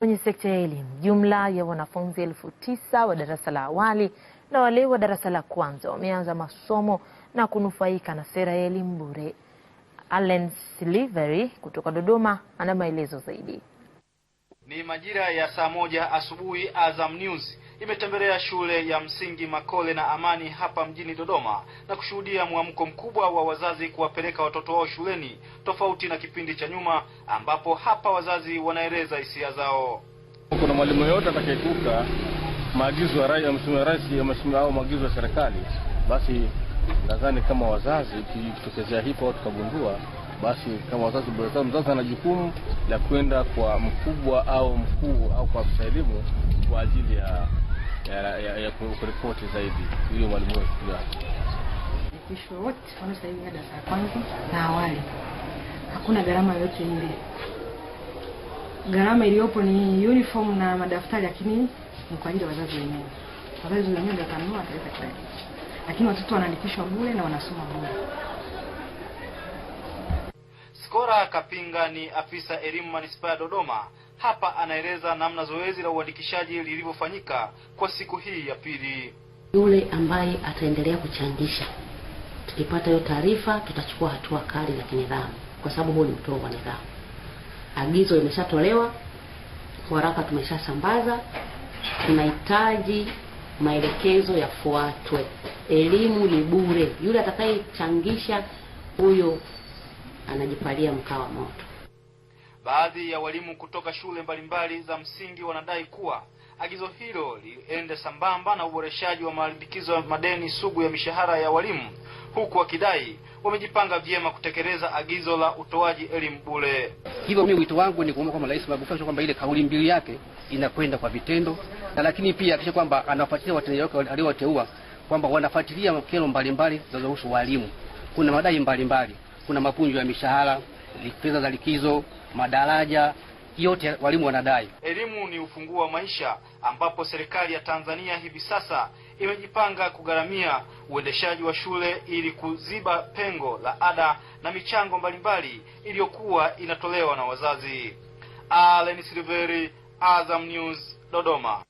Kwenye sekta ya elimu, jumla ya wanafunzi elfu tisa wa darasa la awali na wale wa darasa la kwanza wameanza masomo na kunufaika na sera ya elimu bure. Allen Slivery kutoka Dodoma ana maelezo zaidi. Ni majira ya saa moja asubuhi, Azam News imetembelea shule ya msingi Makole na Amani hapa mjini Dodoma na kushuhudia mwamko mkubwa wa wazazi kuwapeleka watoto wao shuleni tofauti na kipindi cha nyuma ambapo hapa wazazi wanaeleza hisia zao. Kuna mwalimu yoyote atakayekuka maagizo ya rais mheshimiwa rais au maagizo ya serikali, basi nadhani kama wazazi kitokezea hipo au tukagundua, basi kama wazazi, mzazi ana jukumu la kwenda kwa mkubwa au mkuu au kwa afisa elimu kwa ajili ya kuripoti zaidi huyo mwalimu wetu wote wanaostahili darasa la kwanza na awali. Hakuna gharama yoyote ile. Gharama iliyopo ni uniform na madaftari, lakini ni kwa ajili ya wazazi wenyewe. Wazazi wenyewe ndio watanunua, wataleta kila lakini watoto wanaandikishwa bure na wanasoma bure. Skora Kapinga ni afisa elimu manispaa ya Dodoma hapa anaeleza namna zoezi la uandikishaji lilivyofanyika kwa siku hii ya pili. Yule ambaye ataendelea kuchangisha, tukipata hiyo taarifa, tutachukua hatua kali za kinidhamu, kwa sababu huu ni mtoro wa nidhamu. Agizo limeshatolewa, waraka tumeshasambaza, tunahitaji maelekezo yafuatwe. Elimu ni bure, yule atakayechangisha huyo anajipalia mkaa wa moto. Baadhi ya walimu kutoka shule mbalimbali za msingi wanadai kuwa agizo hilo liende sambamba na uboreshaji wa malimbikizo ya madeni sugu ya mishahara ya walimu, huku wakidai wamejipanga vyema kutekeleza agizo la utoaji elimu bure. Hivyo mimi wito wangu ni kuomba kwamba Rais Magufuli kwamba ile kauli mbiu yake inakwenda kwa vitendo, na lakini pia akisha kwamba anawafuatilia watendaji wake aliowateua kwamba wanafuatilia kero mbalimbali zinazohusu walimu. Kuna madai mbalimbali mbali. kuna mapunjo ya mishahara, fedha za likizo madaraja yote walimu wanadai. Elimu ni ufunguo wa maisha, ambapo serikali ya Tanzania hivi sasa imejipanga kugharamia uendeshaji wa shule ili kuziba pengo la ada na michango mbalimbali iliyokuwa inatolewa na wazazi. Allen Silveri, Azam News, Dodoma.